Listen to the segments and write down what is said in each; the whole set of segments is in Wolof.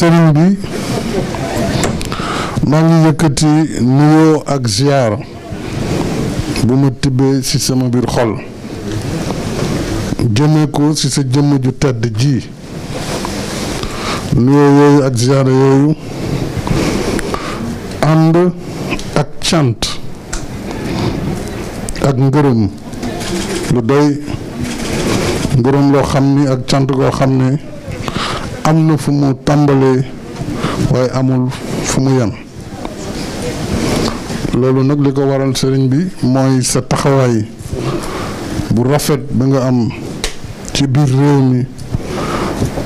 sëriñ bi maa ngi yëkkati ak ziar bu ma tibbee ci sama biir xol jëmee ko ci sa jëmm ju tedd ji nuyoo yooyu ak ziar yooyu ànd ak cant ak ngërëm lu doy ngërëm loo xam ni ak cant goo xam ne am na fu mu tàmbalee waaye amul fu mu yem loolu nag li ko waral sëriñ bi mooy sa taxawaay bu rafet bi nga am ci biir réew mi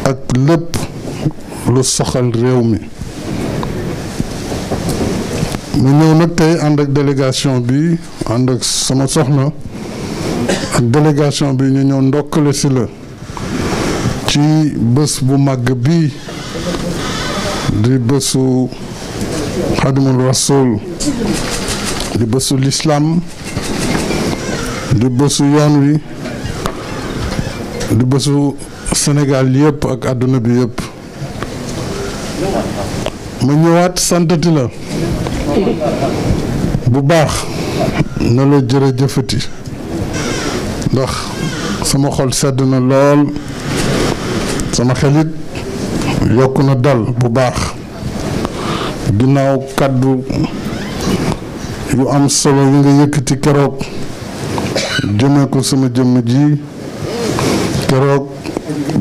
ak lépp lu soxal réew mi mu ñëw nag tey ànd ak délégation bi ànd ak sama soxna ak délégation bi ñu ñëw ndokkale si la ci bés bu màgg bi di bésu xadimul rasul di bésu lislaam di bésu yoon wi di bésu Sénégal yëpp ak àdduna bi yëpp ma ñëwaat santati la bu baax na la jërëjëfati ndax sama xol sedd na lool sama xelit yokk na dal bu baax ginnaaw kàddu yu am solo yi nga yëkkati keroog jëmee ko sama jëmm ji keroog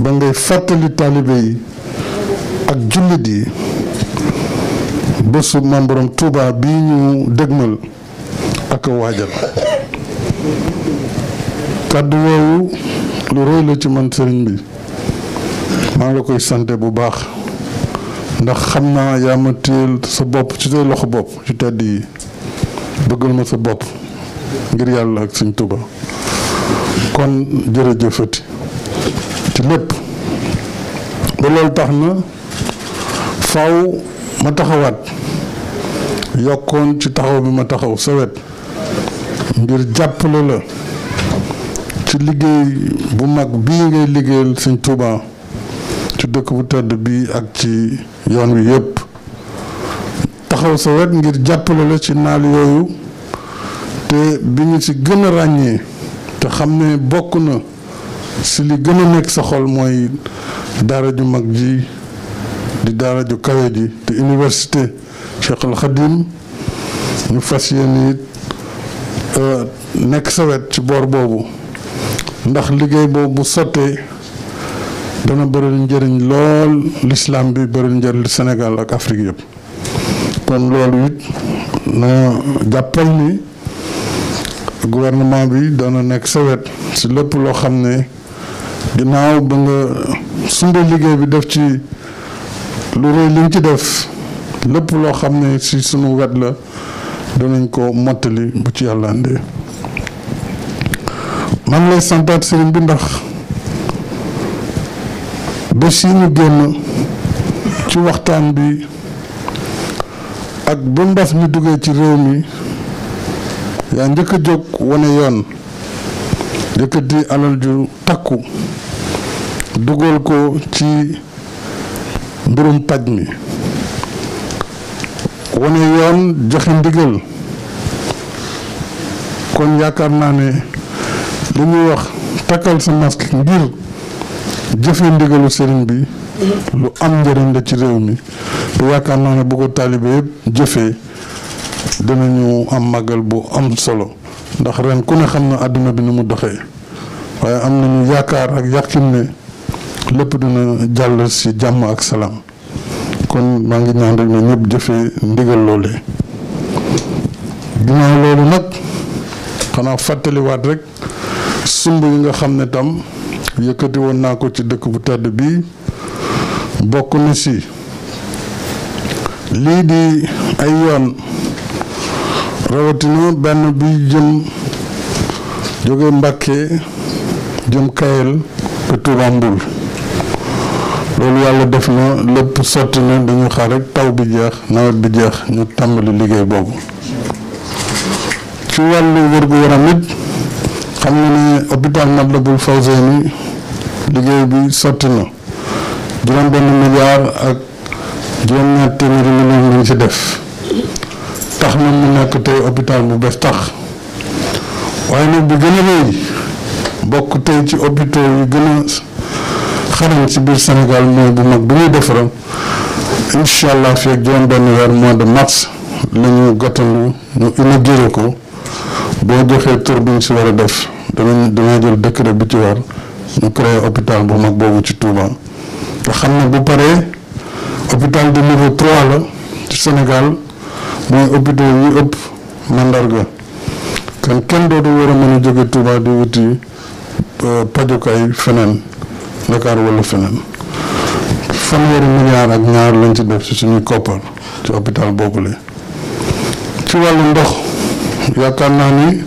ba ngay fàttali taalibe yi ak jullit yi bésu Maam Borom Tuuba bi ñu dëgmal ak waajal kàddu yooyu lu rëy la ci man sëriñ bi maa ngi la koy sante bu baax ndax xam naa yaa ma sa bopp ci say loxo bopp ci tedd yi bëggal ma sa bopp ngir yàlla ak Sëñ Tuuba kon jërëjëfati ci lépp ba tax na faw ma taxawaat yokkoon ci taxaw bi ma taxaw sawet ngir jàppale la ci liggéey bu mag bii ngay liggéeyal Sëñ Tuuba ci dëkk bu tedd bii ak ci yoon wi yépp taxaw sa wet ngir jàppale la ci naal yooyu te bi ñu ci gën a ràññee te xam ne bokk na si li gën a nekk sa xol mooy dara ju mag ji di dara ju kawe ji te université Cheikh Al Khadim ñu fas yéen it euh, nekk sa wet ci boor boobu ndax liggéey boobu sottee dana bëri njëriñ lool lislaam bi bëri njëriñ Sénégal ak Afrique yëpp kon loolu it na jàppal ni gouvernement bi dana nekk sa wet si lépp loo xam ne ginnaaw ba nga sumba liggéey bi def ci lu rëy li ci def lépp loo xam ne si sunu wet la danañ ko mottali bu ci yàlla man lay santaat sëriñ bi ndax ba si ñu génn ci waxtaan bi ak ba mbas mi duggee ci réew mi yaa njëkk a jóg wane yoon yëkkati alal ju takku dugal ko ci mbirum paj mi wane yoon joxe ndigal kon yaakaar naa ne li ñuy wax takkal sa masque ngir jëfe ndigalu sëriñ bi mhm. lu am njëriñ la ci réew mi te yaakaar naa ne bu ko taalibe yëpp jëfee ñu am màggal bu am solo ndax ren ku ne xam na àdduna bi ni mu doxee waaye am na nañu yaakaar ak yàqin ne lépp dina jàll si jàmm ak salaam kon maa ngi ñaan rek ne ñëpp jëfee ndigal loolee ginnaaw loolu nag xanaa fàttaliwaat rek sumb yi nga xam ne tam yëkkati woon naa ko ci dëkk bu tedd bi bokk na si lii di ay yoon rawatina benn bi jëm jóge Mbàkke jëm Kayel te Tuuba Mbul loolu yàlla def na lépp sotti na dañu xaar rek taw bi jeex nawet bi jeex ñu tàmbali liggéey boobu ci wàllu wér-gu-yaram it xam na ne hôpital Matlaboul Fawzeyni liggéey bi sotti na juróom benn ak juróom ñaar téeméeri def tax na mu nekk tey hôpital bu bees tax waaye nag bi gën bokk tey ci hôpital yi gën a xarañ ci biir Sénégal mooy bu mag bu muy defaram incha allah fii ak juróom benn weer de mars la ñu gàttanu ñu inauguré ko boo joxee tur bi ñu si war a def danañ dana jël décret bi ci war ñu créé hôpital bu mag boobu ci Touba nga xam ne bu paree hôpital de niveau 3 la ci Sénégal mooy hôpitaux yi ëpp mandarga kenn dootu war a mën a jóge Touba di wuti euh, pajukaay feneen Dakar wala feneen fanweeri milliard ak ñaar lañ ci def ci suñuy koppar ci hôpital boobule ci wàllu ndox yaakaar naa ni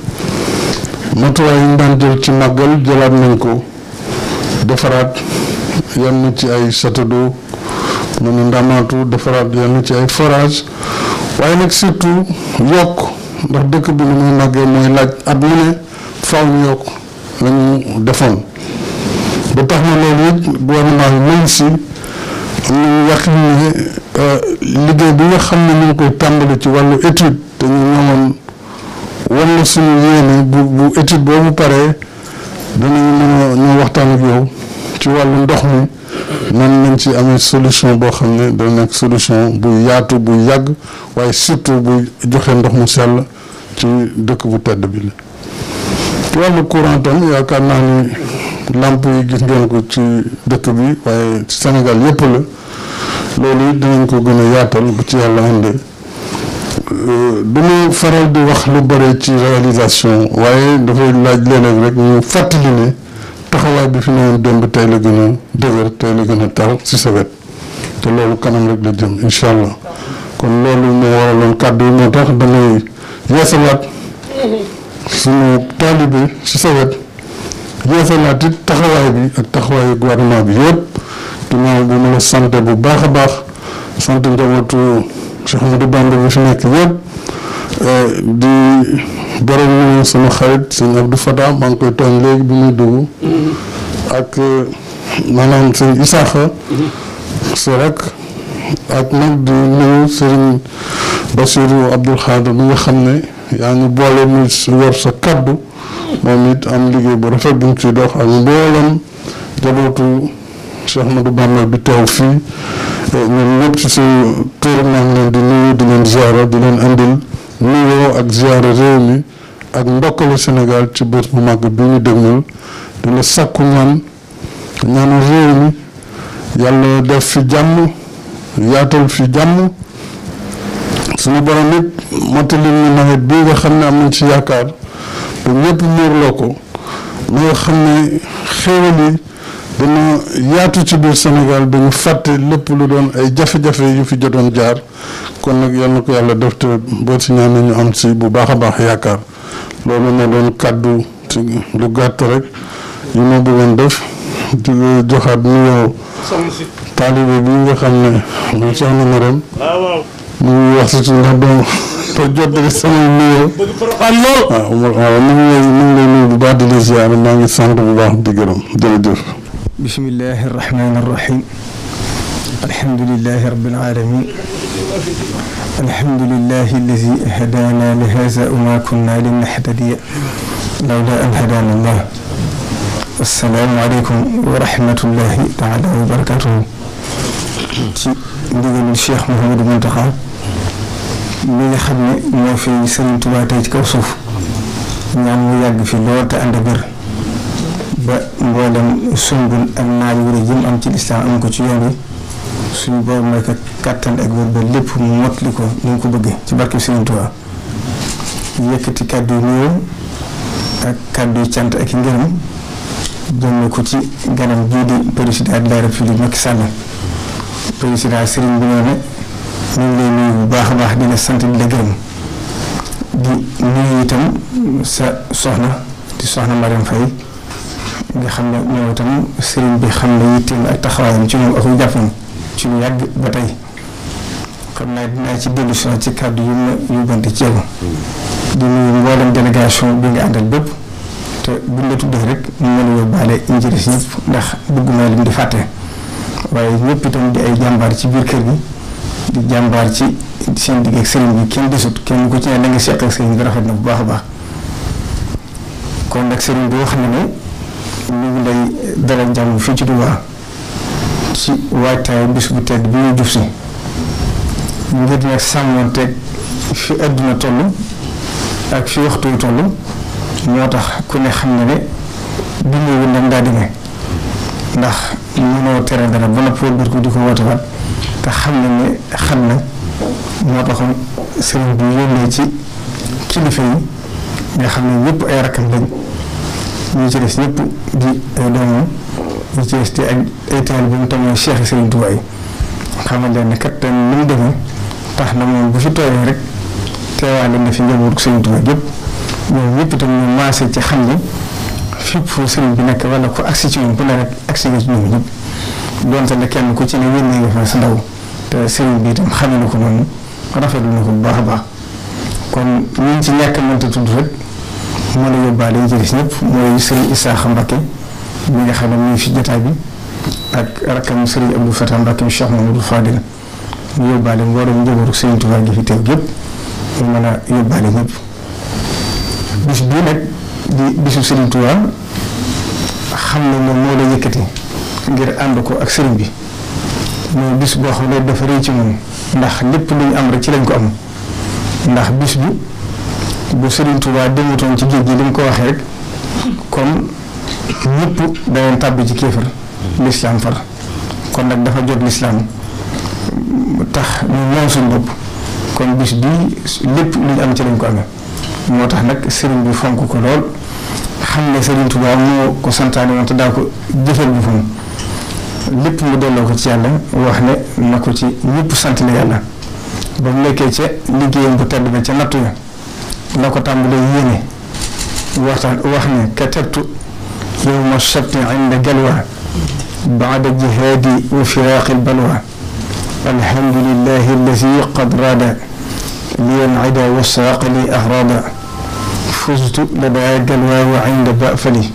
matuwaay daan jël ci màggal jëlaat nañ ko defaraat yam ci ay château d'eau mu nu defaraat yam ci ay forage waaye nag surtout yokk ndax dëkk bi lu muy màggee mooy laaj at mu ne faw ñu yokk la defoon ba tax na loolu it gouvernement bi mën si am nañu yàqin ne euh, liggéey bi nga xam ne ñu ngi koy tàmbali ci wàllu étude te ñu ñëwoon wan la suñu yéene bu bu étude boobu paree danañ mën a ñu waxtaan ak ci wàllu ndox mi nan lañ ci amee solution boo xam ne dana nekk solution bu yaatu bu yàgg waaye surtout bu joxe ndox mu sell ci dëkk bu tedd bi la. ci wàllu courant tam yaakaar naa ni làmp yi gis ngeen ko ci dëkk bi waaye ci Sénégal yëpp la loolu dinañ ko gën a yaatal bu ci yàlla àndee. dañu euh, faral di wax lu bëri ci réalisation waaye dafay laaj leneen rek ñu fàttali ne taxawaay bi fi newoon démb tey la gën a dëgër tey la gën a tar si sa wet te loolu kanam rek la jëm incha allah kon loolu moo waraloon kàddu yi moo tax damay yeesalaat suñu taalibe si sa wet yeesalaat taxawaay bi ak taxawaayu gouvernement bi yëpp ginnaaw bi ma la sant bu baax a baax sant njabootu Cheikh Ahmadou Bamba bi fi nekk yëpp euh, di borom ñu sama xarit sëñ Abdou Fatah maa ngi koy tooñ léegi bi muy dugg ak euh, maanaam sëñ Isaaxa si rek ak nag di nuyu sëriñ Basiru Abdul Xaadir mi nga xam ne yaa ngi boole mu yor sa kaddu moom it am liggéey bu rafet bu mu ciy dox ak mboolam jabootu Cheikh Ahmadou bi teew fii ñoom ñëpp ci suñu tur maa ngi di nuyu di leen ziara di leen andil nuyoo ak ziara réew mi ak ndokkalu Sénégal ci bët bu mag bi ñu dégmal di la sàkku ñaan ñaanu réew mi yàlla def fi jàmm yaatal fi jàmm suñu borom it mottali ñu nawet bi nga xam ne am nañ ci yaakaar bu ñëpp muurloo ko ba nga xam ne xéewal yi dana yaatu ci biir Sénégal dañu fàtte lépp lu doon ay jafe-jafe yu fi jotoon jaar kon nag yal na ko yàlla def te boo si ñaanee ñu am si bu baax a baax yaakaar loolu ne doon kàddu ci lu gàtt rek yi ma bëggoon def di joxaat nuyoo taalibe bi nga xam ne moom soxna Maram mu ngi wax si suñu ndax doom pour jottali sama nuyoo waaw waaw mu bu baax di la ziar maa ngi sant bu di gërëm bismillahi irrahmani irrahim alhamdulilahi rabilalamin alhamdulilahi allazi hadaana lihaza wama kunna linahtadiya lawla an hadaana allah assalaamu aleykum wa rahmatullahi taala wa barakatuhu ci ndigalul Cheikh Mouhamadou Mountakha mi nga xam ne moo fi Sëriñ Tuubaa tey ci kaw suuf ñaan mu yàgg fi lool te ànd ak wér ba mboolem sumbul ak naaj wuri jëm am ci lislaam am ko ci yoon suñu borom may ko kàttan ak wér ba lépp mu mottali ko ni mu ko bëggee ci barke Sëriñ Tuubaa yëkkati kàddu yu nuyoo ak kàddu yu cant ak i ngërëm jëmme ko ci ganam gii di président de la république bu baax a baax dina sant di la gërëm di nuyu itam sa soxna di soxna Mariam Faye nga xam ne ñoom tam sëriñ bi xam ne yitteem ak taxawaayam ci ñoom aku jàppam ci lu yàgg ba tey xam naa dinaa ci dellu si ci kàddu yu ma yóbbante ci yow di nuyu mboolem délégation bi nga àndal bépp te buñ la tuddee rek ñu mën a yóbbaale njëriñ di fàtte waaye ñëpp itam di ay jàmbaar ci biir kër gi di jàmbaar ci seen digg ak sëriñ bi kenn desut kenn ku ci ne da nga ak sëriñ bi rafet na bu baax baax kon nag sëriñ bi wax ne ñu ngi lay dalal jàmm fii ci Touba ci waajtaayu bis bu tedd bi ñu jub si ngir nag sàmmanteeg fi àdduna toll ak fi waxtu yu toll tax ku ne xam na ne bi ñu wul nag ngaa demee ndax mënoo tere dara ba noppi wër ko di ko woote te xam na ne xam na moo taxoon sëriñ bi yónnee ci kilifa yi nga xam ne ñëpp ay rakkam lañ. ñi ci des ñëpp di eh, doomam ñi ci des di ay taal bi mu tam mooy Cheikh Serigne Touba yi xamal leen ne kat tamit ni mu demee tax na moom bu fi toogee rek teewaale na fi njabootu Serigne Touba yëpp ñoom ñëpp itam ñu maase ci xam ne fépp fu Serigne bi nekk wala ko agsi ci ñoom bu ne rek agsi nga ci ñoom ñëpp donte ne kenn ku ci ne yéen nga fa sa ndaw te Serigne bi itam xame na ko noonu rafetlu na ko bu baax a baax kon ñu ci ñàkk mënta tudd rek. moo la yóbbaale ñu jëriñ ñëpp mooy sëriñ Isaaxa Mbakke mi nga xam ne mu ngi fi jotaay bi ak rakkam sëriñ Abdou Fatah Mbakke Cheikh Mamadou Fadil ñu yóbbaale mboolem njabootu sëriñ Tuubaa a yóbbaale ñëpp bis bii nag di bisu sëriñ Tuubaa xam moom moo la yëkkati ngir ànd ko ak sëriñ bi mooy bis boo xam ne dafa rëy ci moom ndax lépp lu am rek ci lañ ko am ndax bis bi. bu Serigne Touba demutoon ci géej gi li mu ko waxee rek kon ñëpp dayoon ci kéefar lislaam far kon nag dafa jot lislaam tax ñu moom suñu bopp kon bis bii lépp lu am ci lañ ko amee moo tax nag sëriñ bi fonk ko lool xam ne sëriñ Touba moo ko santaane woon daa ko jëfal bu fam lépp mu delloo ko ci yàlla wax ne na ko ci ñëpp sant yàlla ba mu nekkee ca liggéeyam bu tedd ba ca nattu ya la ko tàmbalee yéene waxtaan wax ne katabtu yowma sabti inda galwa baada jihaadi wa firaaqi albalwa alhamdulillahi alladi qad raada liyanida wasaaqa li ahraada fustu ladaa galwa wa inda bafali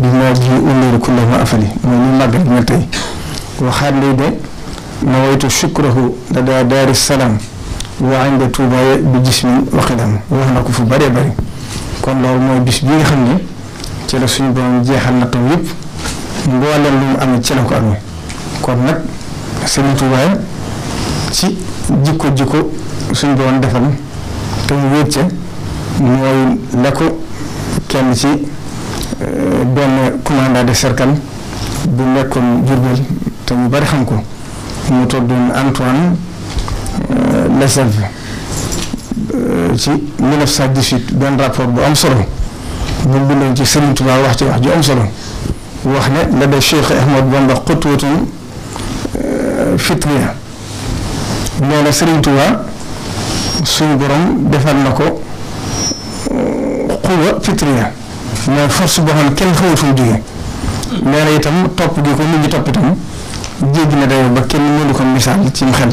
bima ji umiru kulla ma afali mooy ñu màggal mel tey waxaat lay de nawaytu shukrahu ladaa daari salaam waa inda Touba bi gis mi wax na ko fu baree bëri kon loolu mooy bis bi nga xam ni ci la suñu borom jeexal na taw yëpp mbooleem lu mu amee ci la ko amee kon nag Sëriñ Touba ci jikko jikko suñu borom defal te mu wéet ca mooy la ko kenn ci euh, benn commandant de bu nekkoon Jurbel te ñu bëri xam ko mu tuddoon Antoine. l'ESF euh, ci 1918 benn rapport bu am solo ñu bindoon ci Serigne Touba wax ci wax ju am solo wax ne la de Cheikh Ahmad Bamba xutwatun euh, fitriya nee na Serigne Touba suñ borom defal na ko euh, xuba fitriya mais force boo xam kenn xamul fu mu jógee nee na itam topp gi ko nit ñi topp itam jéggi na dayoo ba kenn mënu ko misaal ci xel.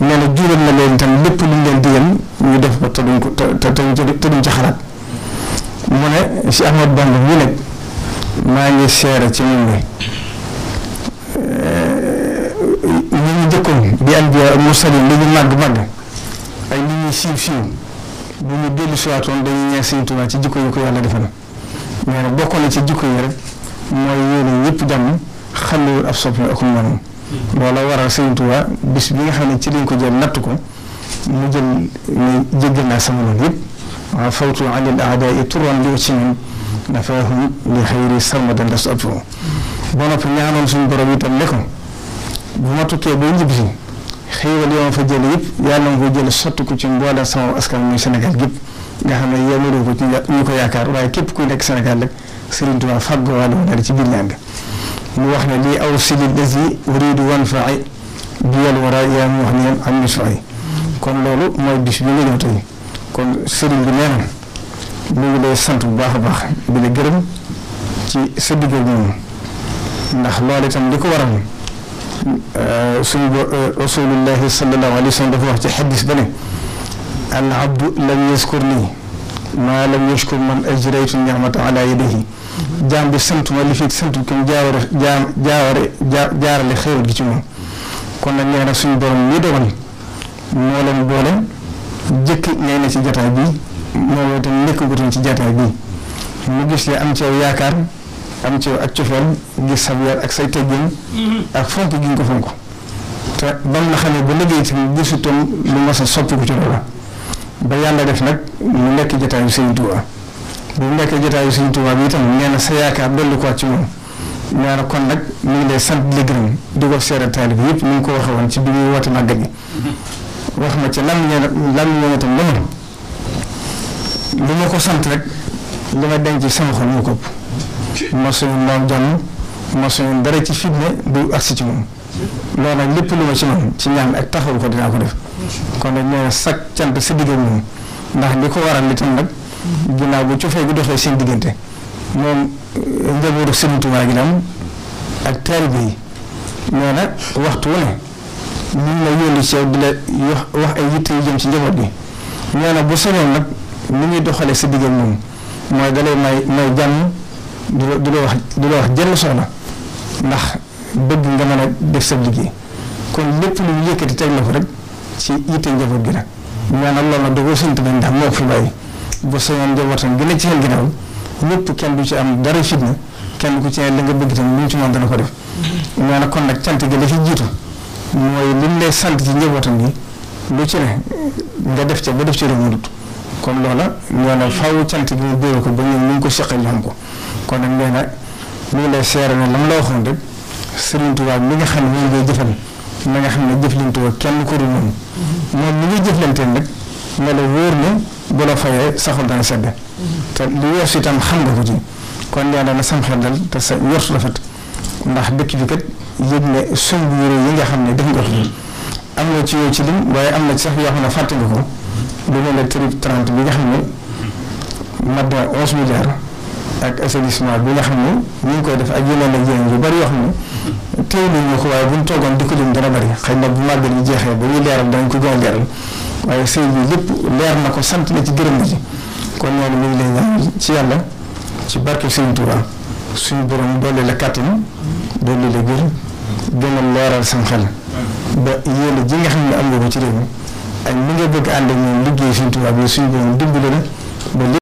nee na jural na leen itam lépp lu ñu leen digal ñu def ko te duñ ko te te te duñ ci xalaat mu ne si Ahmad Bamba ñu nag maa ngi seere ci ñun ne eh, ñu ñu jëkkoon di anbiya ak mursalin li mu màgg màgg ay li ñuy siiw siiw bu ñu dellu si waatoon ñeex Sëriñ Tuubaa ci jikko yi ko yàlla defal nee na bokk na ci jikko yi rek mooy yéene ñëpp jàmm xàllewul ab soppi ak moom looloo waral Sëriñ Tuubaa bis bi nga xam ne ci lañ ko jël natt ko mu jël ne jéggal naa sama loolu yëpp waaw fawtu alil aada yi turoon li ci ñun nafaahum li xëyri sarmadan lastu absuru ba suñu borom itam ne ko bu ma tukkee ba njibisi xéewal yoo ma fa jële yëpp yàlla nga ko jële sotti ko ci mboolem sama askan muy gépp nga xam ne yemaloo ko ci ñu ko yaakaar waaye képp kuy nekk Sénégal rek Sëriñ Tuubaa fàggoo wàllu woon ci biir ñaan mu wax ne lii aw silil lazi uridu wan faay biyal wara yaa mu wax ne yéen am nisfaay kon loolu mooy bis bi nga ñëw tey kon sëriñ bi nee na mu ngi lay sant bu baax a baax di la gërëm ci sa diggal moom ndax loolu itam li ko waral euh, suñu bo euh, rasulullahi sallallahu alayhi wa sallam dafa wax ci xaddis ba ne al abdu lam yaskur nii maa lam yashkur man ajraytu nicmata ala yadihi jaam bi sant ma li fi sant ko jaaware jaam jaaware jaarale xéewal gi ci moom kon nag nee na suñu borom ñi dogal moo leen boole jëkk ñay na ci jataay bi moo itam nekk gutoon ci jataay bi mu gis le am ci yaakaar am ci yow ak cofeel gis sab yar ak say teggin ak fonk gi nga ko fonk te bam na xamee ba liggéey tamit gisutoon lu mas a soppiku ci loola ba yàlla def nag mu nekk jotaayu Sëriñ Tuubaa mu nekk jotaayu Sëriñ Tuubaa bi tam nee na sa yaakaar dellu ko ci moom nee na kon nag mu ngi lay sant di la gërëm di ko seeral taalib yëpp ni mu ko waxee woon ci bi muy woote màggal gi wax na ci lan lan ñoom itam lan lu ma ko sant rek li ma denc sama xol mu ko ëpp. ma suñu moom jàmm ma dara ci fitne du agsi ci moom. loolu nag lépp lu ma ci man ci ñaan ak taxawu ko dinaa ko def kon nag nee na sag cant sa diggante moom ndax li ko waral itam nag ginnaaw bu cofee gi doxee seen diggante moom euh, njabootu Sëriñ Tuubaa ak taalibe yi nee na waxtu wu ne ñun wax ay yitte yu jëm ci njaboot bi nee na bu soñoon nag mu ñuy doxalee sa diggante moom mooy dalay may may jàmm du la du la wax du la wax jënd soxla ndax bëgg nga mën a def sa liggéey kon lépp lu ñu yëkkati teg la ko rek ci yitte njaboot gi nag maanaam loolu nag da koo sant nañ ndax moo ko fi bàyyi ba sañoon njabootam gën a ci seen ginnaaw lépp kenn du ci am dara fitna kenn ku ci ne la nga tamit lu mu ci mën dana ko def. maanaam kon nag cant gi la fi jiitu mooy li mu lay sant ci njabootam gi lu ci ne nga def ca ba def ci réew kon loola nee na faaw cant gi mu dóor ko ba ñun ñu ngi ko seqal ñu ko kon nag nee na ñu ngi lay seere ne la mu la waxoon rek. Serigne Touba mi nga xam ne moom ngay jëfal na nga xam ne jëflante woo kenn ku dul moom moom li ngay jëflanteel nag ne la wóor ne bu la fayee saxul dana sedd te lu weesu itam xam nga ko ci kon yaa dana sam xel dal te sa njort rafet ndax dëkk bi kat yëg ne sumb yére yi nga xam ne def nga ko am na ci yow ci lim waaye am na ci sax yoo xam ne fàtte nga ko lu mel ne trip trente bi nga xam ne mat na onze milliards ak assainissement bi nga xam ne ñu ngi koy def ak yeneen ak yeneen yu bari yoo xam ne téye nañu ko waaye buñ toogoon di ko lim dana bari xëy bu màggal yi jeexee ba ñuy leeral danañ ko gën a bi lépp leer na ko sant na ci gërëm kon noonu ñu ngi lay ñaan ci yàlla ci barke Sëñ Tuubaa suñu borom doole la kàttan doole la gër gën leeral seen xel ba yéen ji nga xam ne am nga ko ci réew mi ak ni nga bëgg ànd ak ñoom liggéey Sëñ Tuubaa bi suñu borom dimbali la